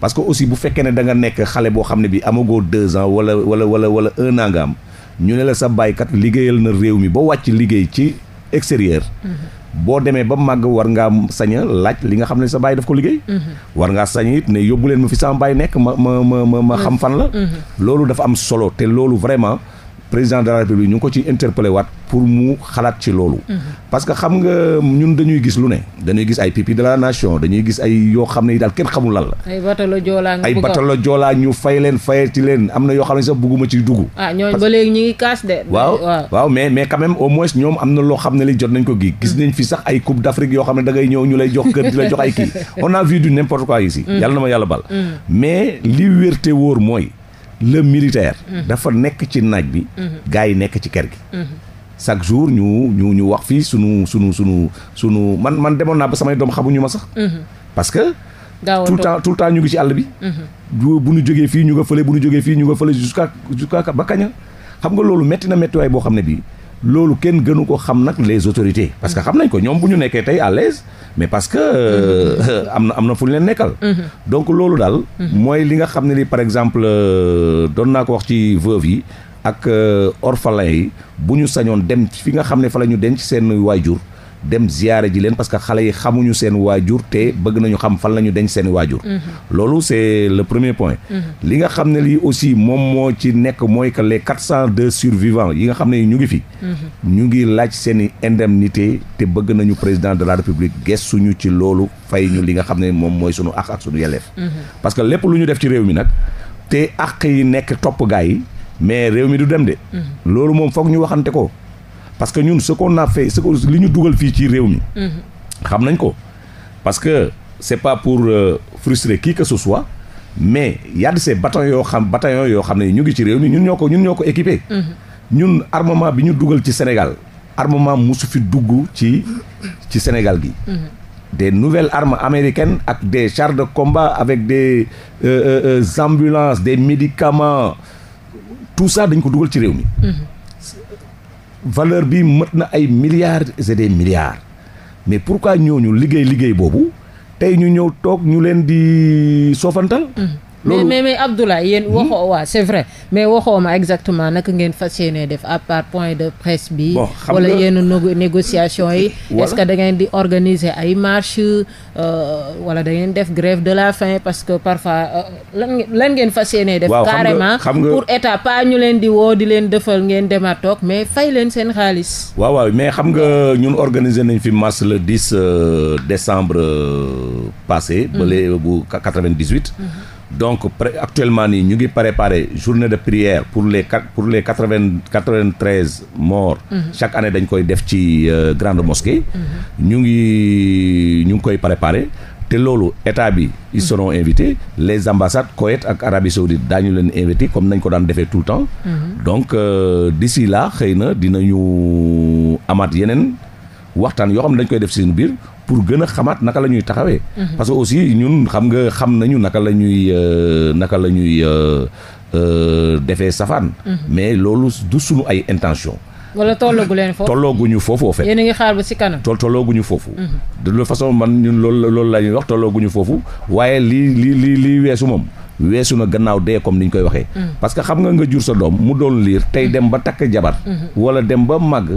parce que aussi bu fekkee ne da nga nekk xale boo xam ne bi amagoo deux ans wala wala wala wala un am ñu ne la sa bàyyikat liggéeyal na réew mi ba wàcc liggéey ci extérieur boo demee ba màgg war ngaa sañ a laaj li nga xam ne sa baay daf ko liggéey. Mm-hmm. war ngaa sañ it ne yóbbu leen ma fi sama baay nekk ma ma ma ma mm-hmm. xam fan la. Mm-hmm. loolu dafa am solo te loolu vraiment. président de la république ñu ngi ko ci interpellé waat pour mu xalaat ci loolu. Mhm. parce que xam nga ñun dañuy gis lu ne. dañuy gis ay pipi de la nation dañuy gis ay yoo xam ne daal kenn xamul lan la. ay batalo joolaa ñu fay leen fayati leen am na yoo xam ne sax bëgguma ciy dugg. Ah, waaw waaw mais mais quand même ñoom am na loo xam ne li jot nañ ko gi gis mm. nañ fi sax ay coupe d'Afrique yoo xam ne da ñëw ñu lay jox kër di la jox ay kii on a vu le militaire. Mm-hmm. dafa nekk ci naaj bi. Mm-hmm. gars yi nekk ci kër gi. Mm-hmm. chaque jour ñu ñu ñu wax fii sunu sunu sunu sunu man man demoon naa ba samay doom xamuñu ma sax. parce que. tout le temps tout le ñu ngi ci àll bi. bu ñu jógee fii ñu nga fële bu ñu jógee fii ñu nga fële jusqu'à jusqu'à ba kaña xam nga loolu métti na méttiwaay boo xam ne bii. loolu kenn gënu ko xam nag les autorités parce que xam nañ ko ñoom bu ñu nekkee tey à l'aise mais parce que euh, am na am na fu ñu leen nekkal donc loolu daal mooy li nga xam ne li par exemple euh, doon naa ko wax ci veuve yi ak euh, orphelin yi bu ñu sañoon dem ci fi nga xam ne fa la ñu denc seen waajur dem ziyaare ji leen parce que xale yi xamuñu seen waajur te bëgg nañu xam fan la ñu denc seen waajur. Mhm. loolu c'est le premier point. Mhm. li nga xam ne lii aussi moom moo ci nekk mooy que les quatre cent deux survivants yi nga xam ne ñu ngi fi. Mhm. ñu ngi laaj seen i indemnité te bëgg nañu président de la république gëstuñu ci loolu fay ñu li nga xam ne moom mooy sunu àq ak sunu yelleef. parce que lépp lu ñu def ci réew mi nag te àq yi nekk topp gaa yi mais réew mi du dem de. loolu moom foog ñu waxante ko. parce que ñun ce naa a fait li ñu dugal fii ci réew mi. Mm-hmm. xam nañ ko parce que c'est pas pour euh, frustrer qui que ce mais y a de ces bataillons yoo xam bataillons yoo xam ne ñu ngi ci réew mi ñun ñoo ko ñun ñoo ko équipé. Mm-hmm. ñun armement bi ñu dugal ci Sénégal armement musu fi dugg ci ci Sénégal gi. Mm-hmm. des nouvelles armes américaines ak des chars de combat avec des euh, euh, euh ambulances des médicaments tout ça dañ ko dugal ci réew mi. valeur bi mët na ay milliards et des milliards mais pourquoi ñooñu liggéey liggéey boobu tey ñu ñëw toog ñu leen di soofantal. Mm-hmm. loolu mais mais Abdoulaye yéen hmm? waxoo waa c'est vrai mais waxoo ma exactement naka ngeen fas yéenee def à part point de presse bi. wala yenn négociation yi. est-ce que da ngeen di organiser ay marches euh, wala da ngeen def grève de la fin parce que parfois euh, lan lan ngeen fas yéenee def. carrément pour état pas ñu leen di woo di leen defal ngeen demaat toog mais fay leen seen xaalis. waaw waaw mais xam nga ñun organiser nañ fi mars le 10 euh, décembre passé. Hmm. ba léegi bu 98. donc actuellement nii ñu ngi préparer journée de prière pour les pour les quatre vingt quatre vingt treize morts. Mhm. chaque année dañ koy def ci euh, grande mosquée. Mhm. ñu ngi ñu ngi koy préparer. te loolu état bi ils mhm. seront invités les ambassades Koweït ak Arabie Saoudite daañu leen invité comme nañ ko daan defee tout le temps donc euh, d'ici là xëy na dina ñu amaat yeneen waxtaan yoo xam ne dañ koy def seen biir pour gën a xamaat naka la ñuy taxawee. Mhm. parce que aussi ñun xam nga xam nañu naka la ñuy euh, naka la ñuy euh, euh, defee safaan. Mhm. mais loolu du sunu ay intention. wala tolloogu leen foofu tollooguñu foofu au fait. a ngi xaar ba ci kanam. toll tollooguñu foofu. Mhm. de toute façon man ñun loolu loolu la ñuy wax tollooguñu foofu waaye lii lii lii lii weesu moom. weesu na gannaaw dee comme ni ñu koy waxee. parce que xam nga nga jur sa doom mu doon liir tey dem ba takk jabar. wala dem ba màgg.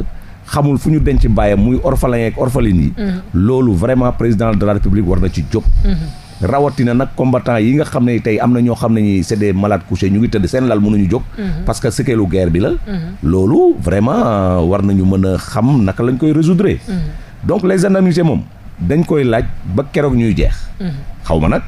xamul fu ñu denc bàyyam muy orphelin ak orpheline yi. Mm-hmm. loolu vraiment président de la république war na ci jóg. Mm-hmm. rawatina nag combattant yi nga xam ne tey am na ñoo xam ne ñi c'est des malades couchés ñu ngi tëdd seen lal mënuñu jóg. Mm-hmm. parce sëkkeelu guerre bi la. loolu vraiment war nañu mën a xam naka lañ koy résoudre. donc les indemnités moom dañ koy laaj ba keroog ñuy jeex. xaw ma nag.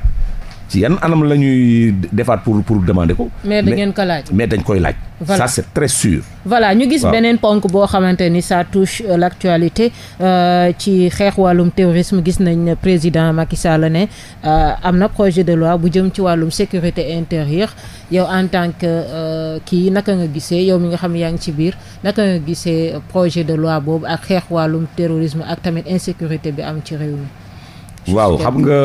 ci yan anam la ñuy defaat pour pour demander ko. mais dangeen ko laaj. mais dañ koy laaj. ça très sûr. voilà ñu gis beneen ponk boo xamante ni ça touche euh, l'actualité euh, ci xeex wàllum terrorisme gis nañ président Macky Sall ne euh, am na projet de loi bu jëm ci wàllum sécurité intérieure yow en tant que kii naka nga gisee yow mi nga xam yaa ngi ci biir naka nga gisee projet de loi boobu ak xeex wàllum terrorisme ak tamit insécurité bi am ci réew mi. waaw xam nga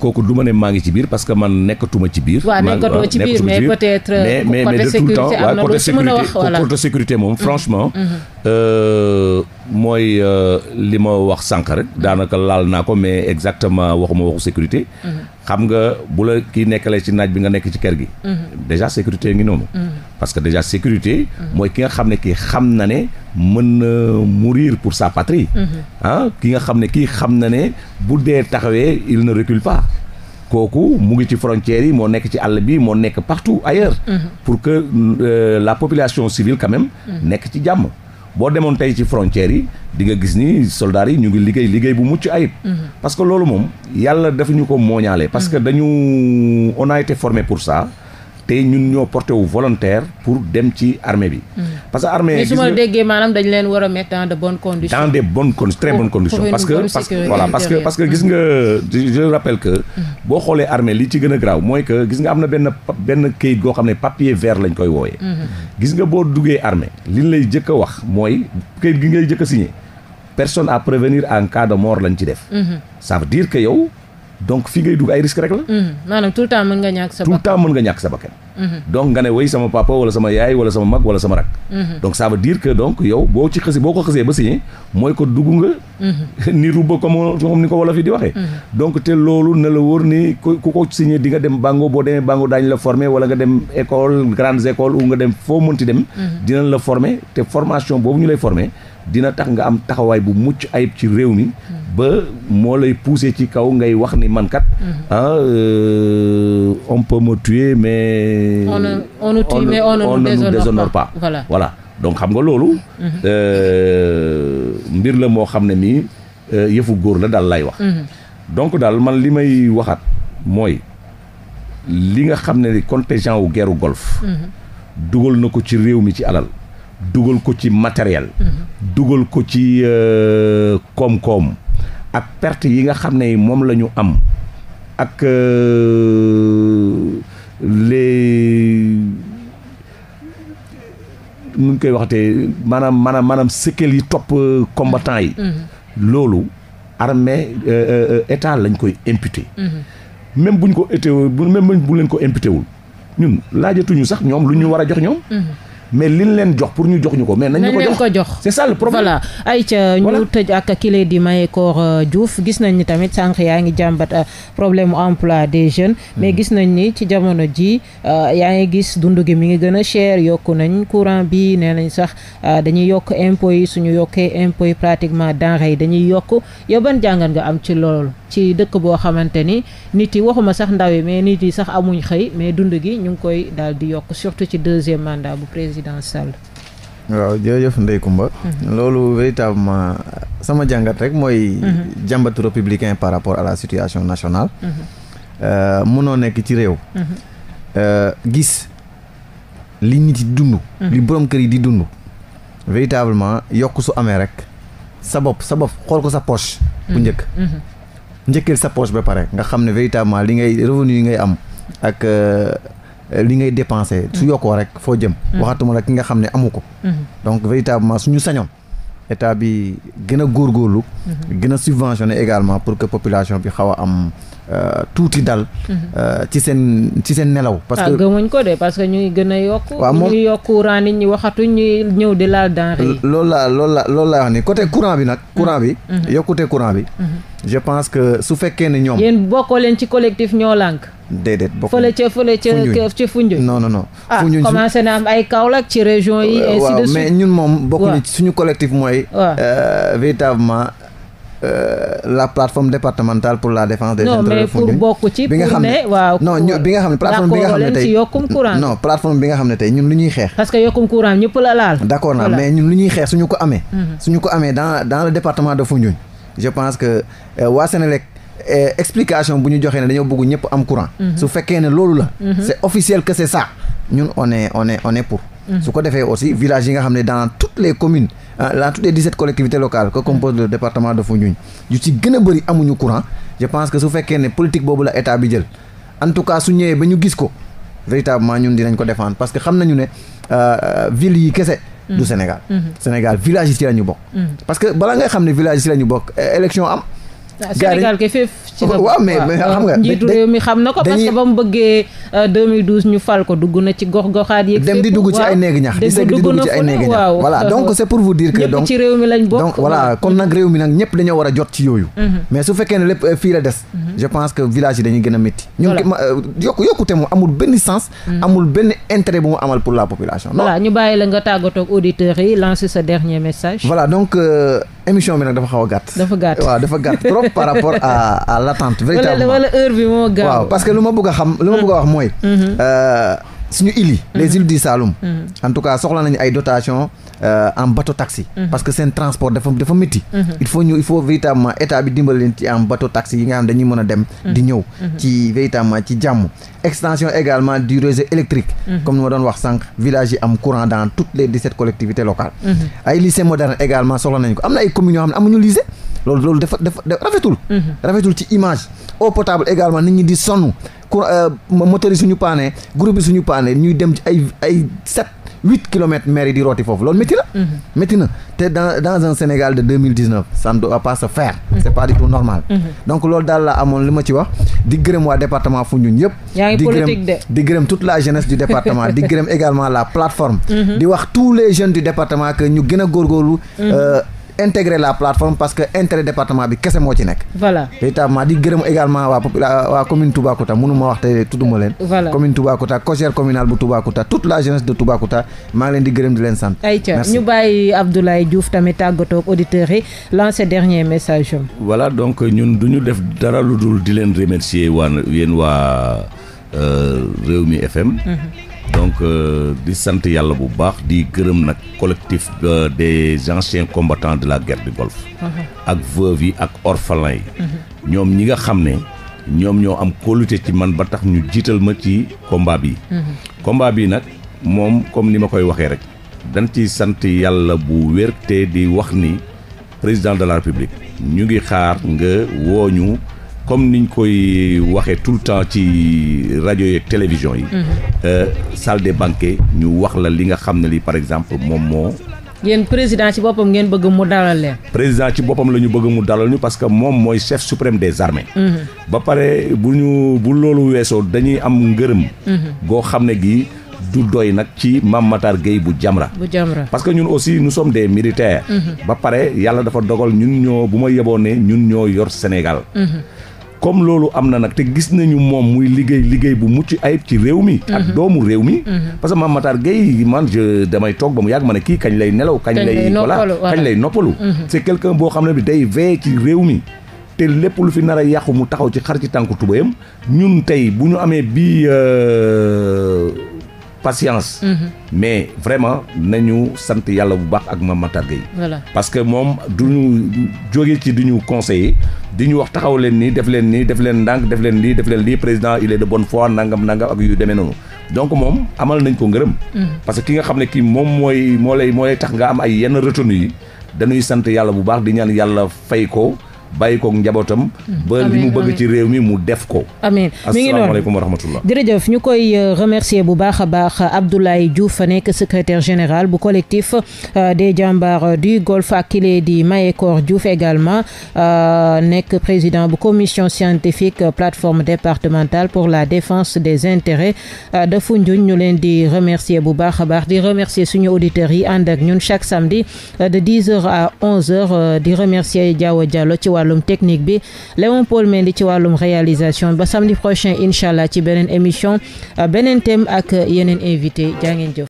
kooku du ma ne maa ngi ci biir parce que man nekkatuma ci biir. waaw nekkatuma ci biir mais peut être. mais mais mais de tout le temps sécurité moom mm-hmm. franchement. Mm-hmm. Euh, mooy euh, li ma wax sànq rek daanaka laal naa ko mais exactement waxuma waxu sécurité. Mm-hmm. xam nga bu la kii nekkalee ci naaj bi nga nekk ci kër gi. Mm-hmm. déjà sécurité ngi noonu. Mm-hmm. parce que déjà sécurité. mooy ki nga xam ne kii xam na ne mën na mourir pour sa patrie. Ah, ki nga xam ne kii xam na ne bu dee taxawee il ne recule pas. kooku mu ngi ci frontières yi moo nekk ci àll bi moo nekk partout ailleurs. pour que euh, la population civile quand nekk ci jàmm. boo demoon tey ci frontières yi di nga gis ni soldats yi ñu ngi liggéey liggéey bu mucc ayib. Mm-hmm. parce que loolu moom yàlla dafa ñu ko mooñaale. parce que mm-hmm. dañu on a pour ça. te ñun ñoo porté wu volontaire pour dem ci armée bi. Hmm. parce que armée. mais su ma déggee maanaam dañ leen war a mettre dans de bonnes conditions. dans des bonnes conditions très bonnes conditions. parce que gis nga je rappelle que. Hmm. boo xoolee armée li ci gën a graaw mooy que gis nga am na benn benn kayit goo xam ne papier vert lañ koy wooyee. Hmm. gis nga boo duggee armée li ñu lay jëkk a wax mooy kayit gi ngay jëkk a personne à prévenir en cas de mort lañ ci def. sa veut dire que yow. donc fii ngay dugg ay risque rek la. Mhm. maanaam tout le temps mën nga ñàkk sa bakkan tout le temps mën nga ñàkk sa bakkan. Mhm. donc nga ne way sama papa wala sama yaay wala sama mag wala sama rak. Mhm. donc ça veut dire que donc yow boo ci xësi boo ko xësee ba signé mooy ko dugg nga. ni rubba comme comme ni ko wolof yi di waxee. donc te loolu na la wóor ni ku ko signé di nga dem bango boo demee bango daañu la former wala nga dem école grandes écoles ou nga dem foo mënti dem. dinañ la former te formation boobu ñu lay former. dina tax nga am taxawaay bu mucc ayib ci réew mi ba moo lay pousser ci kaw ngay wax ni man kat mhm. ah euh, on peut me mais on ne on nous tue mais on pas voilà donc xam nga loolu mhm. euh, mbir la moo xam ne mii euh, yëfu góor la daal lay wax mhm. donc daal man li may waxaat mooy li nga xam ne contingent wu guerre golf dugal na ko ci réew mi ci alal dugal ko ci matériel. Mm-hmm. dugal ko ci euh, koom-koom ak perte yi nga xam ne moom lañu am ak euh, les nu ñu koy waxte maanaam maanaam maanaam séquelles yi topp euh, combattant yi. Mm-hmm. loolu armée état lañ koy imputer. Mm-hmm. même buñ ko été même buñ leen ko imputer wul ñun laajatuñu sax ñoom lu ñu war a jox ñoom. mais liñ leen jox pour ñu jox ñu ko mais nañ leen ko jox c'est ça le problème voilà ayca ñu tëj kile di Mayekor euh, Diouf gis nañ ni tamit sànq yaa ngi jàmbat euh, problème emploi des jeunes hmm. mais gis nañ ni ci jamono ji euh, yaa ngi gis dund gi mi ngi gën a cher yokk nañ courant bi nee nañ sax dañuy yokk impôts yi suñu yokkee impôts yi pratiquement denrées yi dañuy yokk yow jàngat nga am ci loolu ci dëkk boo xamante ni nit yi waxuma sax ndaw mais nit yi sax amuñ xëy mais dund gi ñu ngi koy daal di yokk surtout ci deuxième mandat bu président Sall. waaw jërëjëf Ndeye Comba mhm. loolu véritablement sama jàngat rek mooy. Mhm. jàmbatu républicain par rapport à la situation nationale. mënoo mhm. euh, nekk ci réew. Euh, gis li nit yi dund. li borom kër yi di dund. véritablement yokk su amee rek. sa bopp sa bopp xool ko sa poche. bu njëkk. njëkkeel sa poche ba pare nga xam ne véritablement li ngay revenu yi ngay am ak euh, li ngay dépensé. su yokkoo rek foo jëm. Mm-hmm. waxatuma la ki nga xam ne amu ko. Mm-hmm. donc véritablement suñu sañoon. état bi gën a góorgóorlu. Mhm. gën a subventionné également pour que population bi xaw a am. Uh, tuuti dal. Mhm. Euh, ci seen ci seen nelaw. parce ah, que ah gëmuñ ko de parce que ñu ngi gën a yokk. waaw moom ñu ngi yokk courant nit ñi waxatuñ ñuy ñëw di laal denrée yi. loolu la loolu la loolu laa wax ni bi nag. Mhm. courant bi. yokkute courant bi. je pense que su fekkee ne ñoom. yéen bokkoo leen ci collectif ñoo lànk. déedéet bokk fële ca fële ca ca Foundiougne non ah commencé na am ay Kaolack ci région yi euh, ainsi de suite mais ñun moom bokkuñu suñu collectif mooy euh, véritablement euh, la plateforme départementale pour la défense des intérêts de Foundiougne non ci bi nga xam ne waaw non bi xam ne plateforme bi nga xam ne tey yokkum courant non ñun lu ñuy xeex parce que yokkum courant ñëpp la laal d'accord naa mais ñun lu ñuy xeex suñu ko amee mhm. suñu ko amee dans dans le département de Foundiougne je pense que waa Sénélec Eh, explication bu ñu joxee ne dañoo bëgg ñëpp am courant. Mhm. su fekkee ne loolu la. Mhm. c'est officiel que c'est ñun on est pour. Mhm. su ko defee aussi village yi nga xam ne dans toutes les communes ah, dans toutes les dix-sept collectivités locales que compose le département de Foundiougne yu ci gën a bëri amuñu courant je pense que su fekkee ne politique boobu la état jël en tout cas su ñëwee ba ñu gis ko véritablement ñun dinañ ko défendre parce que xam nañu ne euh, euh, ville yi kese. du Sénégal. Ah, Sénégal ke fépp ci la waaw mais mais xam réew mi xam na ko parce que ba mu bëggee euh, ñu fal ko dugg na ci gox goxaat yeeg dem di dugg ci ay néegi ñax di segg di dugg ci ay néegi ñax voilà euh, donc c'est pour vous dire que donc ci réew mi lañ bokk donc kon nag réew mi nag ñëpp dañoo war a jot ci yooyu mhm. mais su fekkee ne lépp euh, fii la des mhm. je pense que village yi dañuy gën a métti ñun yokku yokkute mu amul benn sens mhm. amul benn intérêt bu mu amal la population voilà ñu bàyyi la nga tàggatoog auditeurs yi lancer sa dernier message voilà émission bi nag dafa xaw a gàtt. dafa gàtt trop par rapport à à l'attente. véritablement wala wala waaw parce que lu ma bëgg a xam lu ma bëgg a wax mooy. Mm-hmm. Mm-hmm. Euh, suñu îles yi. Mm-hmm. les îles du Saloum. en tout cas soxla nañu ay dotation euh, en bateau taxi. parce que seen transport dafa dafa métti. il faut ñu il faut véritablement état bi dimbali leen ci en bateau taxi yi nga xam dañuy mën a dem. di ñëw ci véritablement ci jàmm. extension également du réseau électrique mhm. comme ni ma doon wax sànq village yi am courant dans toutes les dix-sept collectivités locales mhm. ay lycée moderne également soxla nañu ko am na ay communes yoo xam ne amuñu lycée loolu loolu rafetul mhm. rafetul ci image eau potable également nit ñi di sonn courant euh, moteur yi suñu paane groupe yi suñu ñuy dem ay set huit kilomètres maire yi di rooti foofu loolu métti na. Mhm. te dans un Sénégal de deux mille dix neuf mhm. pas du tout normal. Mhm. donc loolu daal la amoon li ma ci wax di gërëm waa département Foundiougne yëpp. yaa di gërëm toute la jeunesse du département di gërëm également la plateforme. di wax tous les jeunes du département que ñu gën a góorgóorlu. Euh, intégrer la plateforme parce que intérêt département bi kese moo ci nekk. voilà véritablement di gërëm également waa popula waa commune Toubacouta mënu ma wax te tudduma leen. voilà commune Toubacouta cogère communale bu Toubacouta toute la jeunesse de Toubacouta maa ngi leen di gërëm di leen sant. ayca ñu bàyyi Abdoulaye Diouf tamit tàggatoo ak auditeurs yi lancer dernier message am. voilà donc ñun du ñu def dara lu dul di leen remercier waan yéen waa euh, Rewmi FM. Mhm. donc euh, di sant yàlla bu baax di gërëm nag collectif euh, de anciens combattants de la guerre du Golfe mm-hmm. ak veuves yi ak orphelins yi mm-hmm. ñoom ñi nga xam ne ñoom ñoo am kóolute ci man ba tax ñu jiital ma ci combat bi mm-hmm. combat bi nag moom comme ni ma koy waxee rek dan ci sant yàlla bu wér te di wax ni président de la république ñu ngi xaar nga wooñu comme niñ koy waxee tout le temps ci rajo yeeg télévision yi. Mhm. Euh, salle des ñu wax la li nga xam ne li par exemple moom moo. yéen président ci boppam ngeen bëgg mu dalal leen. président la ñu bëgg mu dalal ñu parce que moom mooy chef suprême des armées. Mhm. ba pare bu ñu bu loolu weesoo dañuy am ngërëm. Mhm. goo xam ne gii. du doy nag ci Mame Matar Gueye bu Jamra parce que ñun aussi nous sommes des militaires. ba pare yàlla dafa dogal ñun ñoo bu ma yeboon ne ñun ñoo yor Sénégal. comme loolu am na nag te gis nañu moom muy liggéey liggéey bu mucc ayib ci réew mi. ak mhm. doomu réew mi. Mhm. parce que Mame Matar Gueye man je damay toog ba mu yàgg ma kii kañ lay nelaw. kañ lay voilà kañ lay noppalu. Mhm. c'est quelqu'un boo xam ne bi day veillé ci réew mi. te lépp lu fi nar a yàqu mu taxaw ci xar ci tànku tubéyam ñun tey bu ñu amee bii. Euh, patience. Mhm. mais vraiment nañu sant yàlla bu baax ak Mame Matar Gueye. voilà moom du ñu jóge ci du ñu conseiller di ñu wax taxaw leen nii def leen nii def leen ndànk def leen lii def leen lii président il de bonne foi nangam nangam ak yu demee noonu. donc moom amal nañ ko ngërëm. Mhm. parce ki nga xam ne kii moom mooy moo lay moo lay tax nga am ay yenn retenues yi dañuy sant yàlla bu baax di ñaan yàlla fay ko. bàyyi koog njabootam. Hmm. ba li mu bëgg ci réew mi mu def ko. amiin mi ngi noonu asalaamaaleykum ñu koy euh, remercier bu baax a baax Abdoulaye Diouf nekk secretaire général bu collectif euh, des jàmbaar du golfe ak kile di Mayekor Diouf également euh, nekk président bu commission scientifique plateforme départementale pour la défense des intérêts de Foundiougne ñu leen di remercier bu baax a baax di remercier suñu auditeurs yi ànd ak ñun chaque samedi de heures à wàllum technique bi Léon Paul Mendy ci wàllum réalisation ba samedi prochain incha allah ci beneen émission beneen thème ak yeneen invité jaa jëf